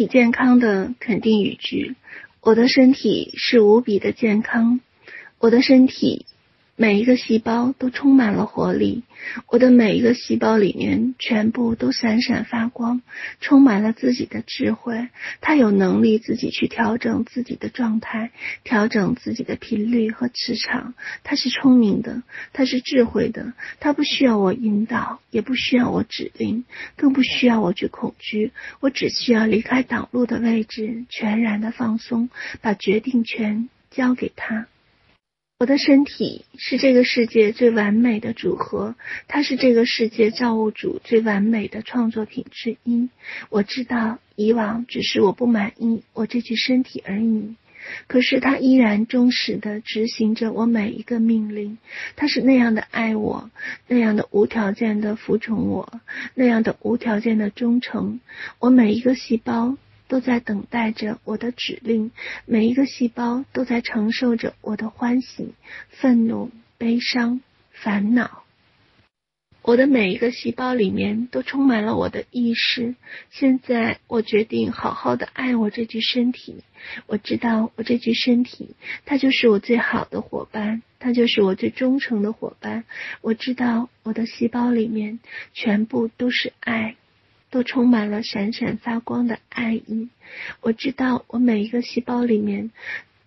身體健康的肯定語句：我的身體是無比的健康。我的身體。每一個細胞都充滿了活力，我的每一個細胞裡面全部都閃閃發光，充滿了自己的智慧。它有能力自己去調整自己的狀態，調整自己的頻率和磁場，它是聰明的，它是智慧的，它不需要我引導，也不需要我指令，更不需要我去恐懼。我只需要離開擋路的位置，全然的放鬆，把決定權交給他。我的身體是這個世界最完美的組合，它是這個世界造物主最完美的創作品之一。我知道以往只是我不滿意我這具身體而已，可是它依然忠實的執行着我每一個命令。它是那樣的愛我，那樣的無條件的服從我，那樣的無條件的忠誠。我每一個細胞，都在等待着我的指令，每一個細胞都在承受着我的歡喜、憤怒、悲傷、煩惱。我的每一個細胞裡面都充滿了我的意識。現在我決定好好的愛我這具身體。我知道我這具身體，它就是我最好的夥伴，它就是我最忠誠的夥伴。我知道我的細胞裡面全部都是愛。都充滿了閃閃發光的愛意。我知道，我每一個細胞裡面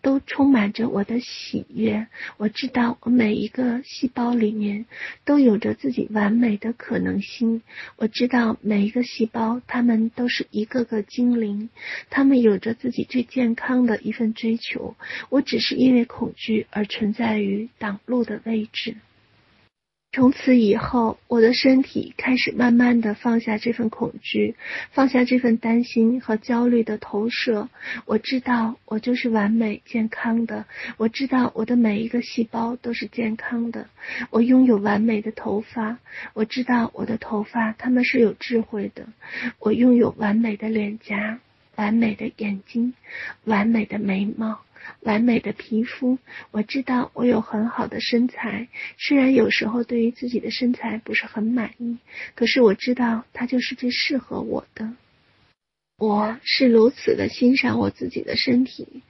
都充滿着我的喜悅。我知道，我每一個細胞裡面都有着自己完美的可能性。我知道，每一個細胞他們都是一個個精靈，他們有着自己最健康的一份追求。我只是因為恐懼而存在於擋路的位置。從此以後，我的身體開始慢慢的放下這份恐懼，放下這份擔心和焦慮的投射。我知道我就是完美健康的，我知道我的每一個細胞都是健康的，我擁有完美的頭髮。我知道我的頭髮，它們是有智慧的。我擁有完美的臉頰、完美的眼睛、完美的眉毛。完美的皮膚，我知道我有很好的身材，雖然有時候對於自己的身材不是很滿意，可是我知道它就是最適合我的。我是如此的欣賞我自己的身體，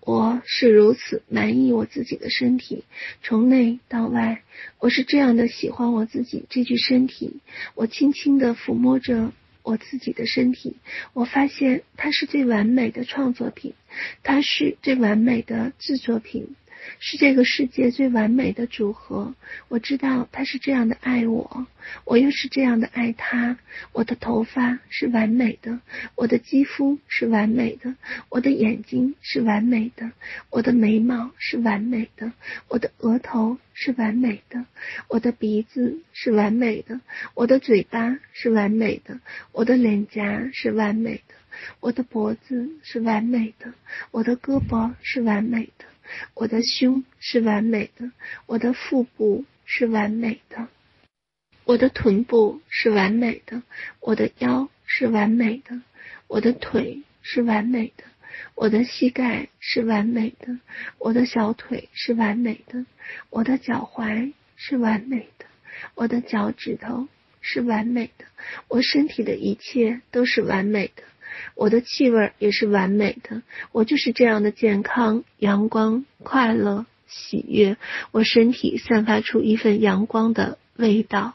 我是如此滿意我自己的身體，從內到外，我是這樣的喜歡我自己這具身體。我輕輕的撫摸着。我自己的身體，我發現它是最完美的創作品，它是最完美的製作品。是這個世界最完美的組合。我知道他是這樣的愛我，我又是這樣的愛他。我的頭髮是完美的，我的肌膚是完美的，我的眼睛是完美的，我的眉毛是完美的，我的額頭是完美的，我的鼻子是完美的，我的嘴巴是完美的，我的臉頰是完美的，我的脖子是完美的，我的胳膊是完美的。我的胸是完美的，我的腹部是完美的，我的臀部是完美的，我的腰是完美的，我的腿是完美的，我的膝蓋是完美的，我的小腿是完美的，我的腳踝是完美的，我的腳趾頭是完美的，我身體的一切都是完美的。我的氣味也是完美的，我就是這樣的健康、陽光、快樂、喜悅。我身體散發出一份陽光的味道，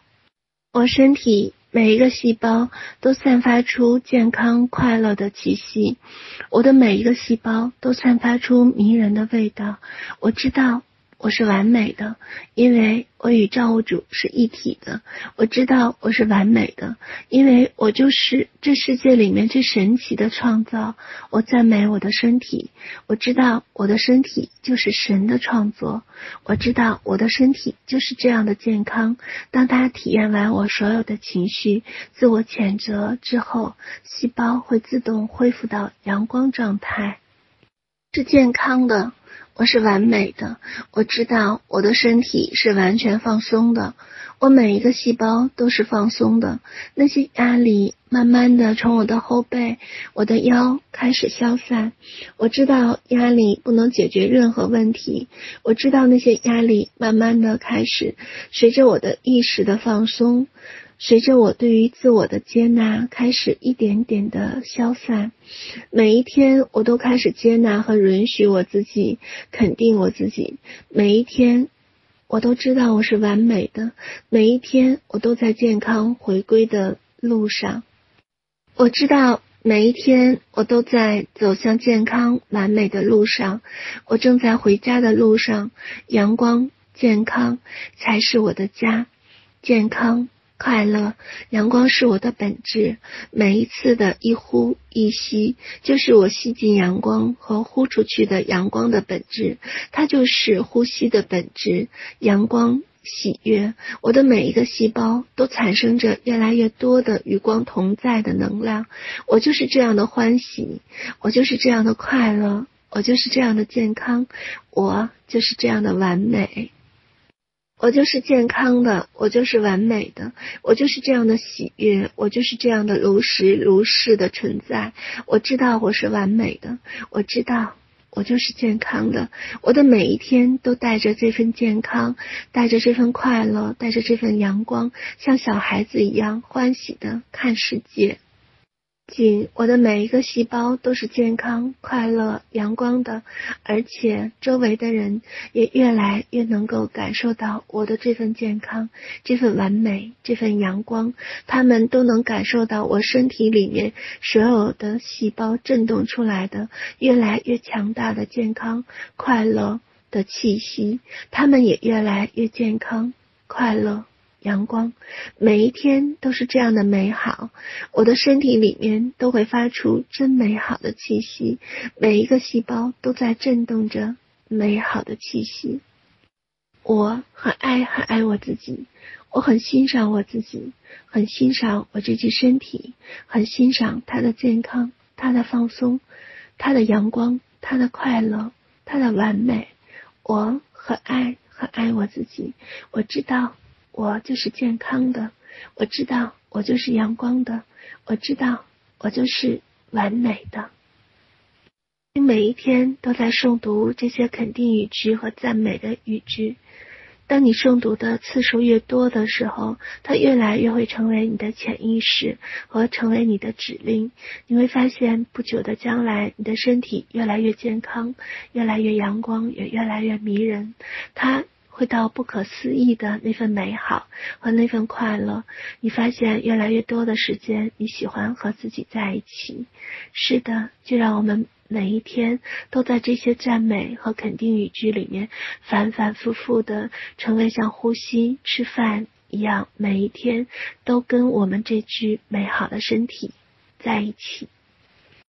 我身體每一個細胞都散發出健康快樂的氣息，我的每一個細胞都散發出迷人的味道。我知道。我是完美的，因為我與造物主是一體的。我知道我是完美的，因為我就是這世界裡面最神奇的創造。我讚美我的身體，我知道我的身體就是神的創作。我知道我的身體就是這樣的健康。當他體驗完我所有的情緒、自我譴責之後，細胞會自動恢復到陽光狀態，是健康的。我是完美的，我知道我的身體是完全放鬆的，我每一個細胞都是放鬆的。那些壓力慢慢的從我的後背、我的腰開始消散。我知道壓力不能解決任何問題，我知道那些壓力慢慢的開始隨着我的意識的放鬆。隨着我對於自我的接納開始一點點的消散，每一天我都開始接納和允許我自己，肯定我自己。每一天，我都知道我是完美的。每一天，我都在健康回歸的路上。我知道，每一天我都在走向健康完美的路上。我正在回家的路上。陽光、健康才是我的家。健康。快樂，陽光是我的本質。每一次的一呼一吸，就是我吸進陽光和呼出去的陽光的本質。它就是呼吸的本質。陽光，喜悅。我的每一個細胞都產生着越來越多的與光同在的能量。我就是這樣的歡喜，我就是這樣的快樂，我就是這樣的健康，我就是這樣的完美。我就是健康的，我就是完美的，我就是這樣的喜悅，我就是這樣的如實如是的存在。我知道我是完美的，我知道我就是健康的。我的每一天都帶着這份健康，帶着這份快樂，帶着這份陽光，像小孩子一樣歡喜的看世界。不僅我的每一個細胞都是健康、快樂、陽光的，而且周圍的人也越來越能夠感受到我的這份健康、這份完美、這份陽光。他們都能感受到我身體裡面所有的細胞震動出來的越來越強大的健康、快樂的氣息，他們也越來越健康、快樂。陽光，每一天都是這樣的美好。我的身體裡面都會發出真美好的氣息，每一個細胞都在震動着美好的氣息。我很愛很愛我自己，我很欣賞我自己，很欣賞我這具身體，很欣賞它的健康、它的放鬆、它的陽光、它的快樂、它的完美。我很愛很愛我自己，我知道。我就是健康的，我知道我就是陽光的，我知道我就是完美的。你每一天都在誦讀這些肯定語句和讚美的語句，當你誦讀的次數越多的時候，它越來越會成為你的潛意識和成為你的指令。你會發現，不久的將來，你的身體越來越健康，越來越陽光，也越來越迷人。它。會到不可思議的那份美好和那份快樂，你發現越來越多的時間，你喜歡和自己在一起。是的，就讓我們每一天都在這些讚美和肯定語句裡面反反复复的，成為像呼吸、吃飯一樣，每一天都跟我們這具美好的身體在一起。